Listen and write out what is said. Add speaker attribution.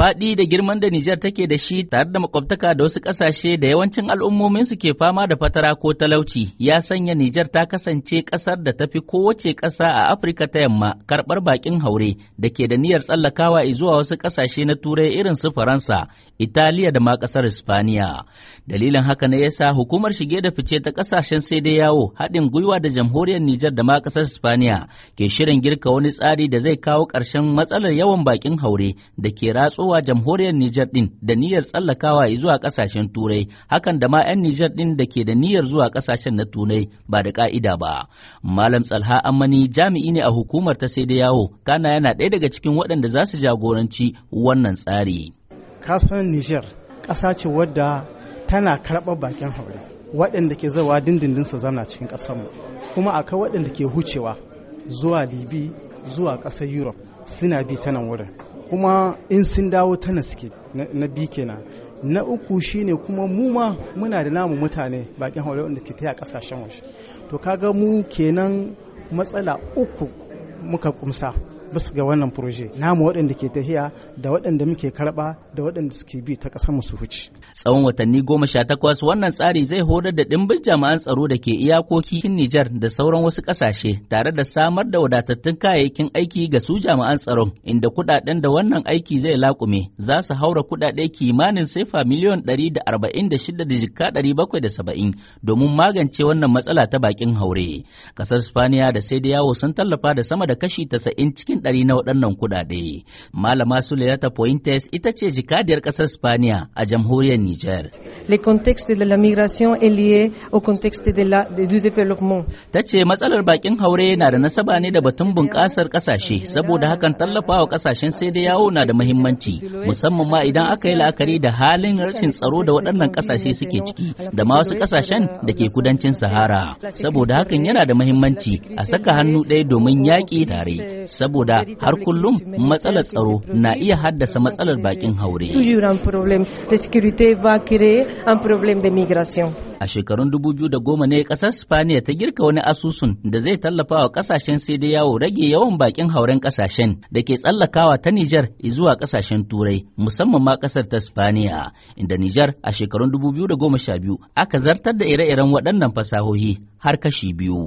Speaker 1: faɗi da girman da Nijar take da shi tare da makwabtaka da wasu ƙasashe da yawancin su ke fama da fatara ko talauci ya sanya Nijar ta kasance ƙasar da tafi kowace ƙasa a Afirka ta yamma karɓar baƙin haure da ke da niyyar tsallakawa zuwa wasu ƙasashe na Turai irin su Faransa, Italiya da ma ƙasar Hispaniya. Dalilin haka ne yasa hukumar shige da fice ta ƙasashen sai dai yawo haɗin gwiwa da jamhuriyar Nijar da ma ƙasar Hispaniya ke shirin girka wani tsari da zai kawo ƙarshen matsalar yawan baƙin haure da ke ratso wa jamhuriyar Nijar din da niyyar tsallakawa zuwa kasashen Turai, hakan da ma 'yan Nijar din da ke da niyyar zuwa kasashen na Turai ba da ka'ida ba. Malam Tsalha Amani jami'i ne a hukumar ta sai da yawo, kana yana ɗaya daga cikin waɗanda za su jagoranci wannan tsari.
Speaker 2: kasan Nijar ƙasa ce wadda tana karɓar bakin haure, waɗanda ke zawa dindindin su zana cikin ƙasarmu, kuma akwai waɗanda ke hucewa zuwa Libi zuwa ƙasar Europe suna bi ta nan wurin. kuma in sun dawo na suke na bi kenan na uku shine kuma mu ma muna da namu mutane bakin haure wanda ke taya kasashen waje to kaga mu kenan matsala uku muka kumsa bisa ga wannan proje namu waɗanda ke tahiya da waɗanda muke karɓa da waɗanda suke bi ta ƙasar mu su huce.
Speaker 1: Tsawon watanni goma sha takwas wannan tsari zai horar da ɗimbin jami'an tsaro da ke iyakokin Nijar da sauran wasu ƙasashe tare da samar da wadatattun kayayyakin aiki ga su jami'an tsaron inda kuɗaɗen da wannan aiki zai laƙume za su haura kuɗaɗe kimanin sefa miliyon ɗari da arba'in da shida da jikka ɗari bakwai da saba'in domin magance wannan matsala ta bakin haure. Ƙasar Spaniya da sai da yawo sun tallafa da sama da kashi tasa'in cikin cikin ɗari na waɗannan kuɗaɗe. Malama Sulayata Pointes ita ce jikadiyar ƙasar Spaniya a jamhuriyar Nijar.
Speaker 3: Le contexte de la migration est lié au contexte de la, du développement.
Speaker 1: Ta ce matsalar bakin haure na da nasaba ne da batun bunƙasar ƙasashe saboda hakan tallafawa ƙasashen sai da yawo na da muhimmanci musamman ma idan aka yi la'akari da halin rashin tsaro da waɗannan ƙasashe suke ciki da ma wasu ƙasashen da ke kudancin Sahara saboda hakan yana da muhimmanci a saka hannu ɗaya domin yaƙi tare saboda da har kullum matsalar tsaro na iya haddasa matsalar bakin haure. A shekarun 2010 ne kasar Spaniya ta girka wani asusun da zai tallafa wa kasashen sai dai yawo rage yawan bakin hauren kasashen da ke tsallakawa ta Nijar zuwa kasashen Turai musamman ma kasar ta Spaniya inda Nijar a shekarun biyu aka zartar da ire-iren waɗannan fasahohi har kashi biyu.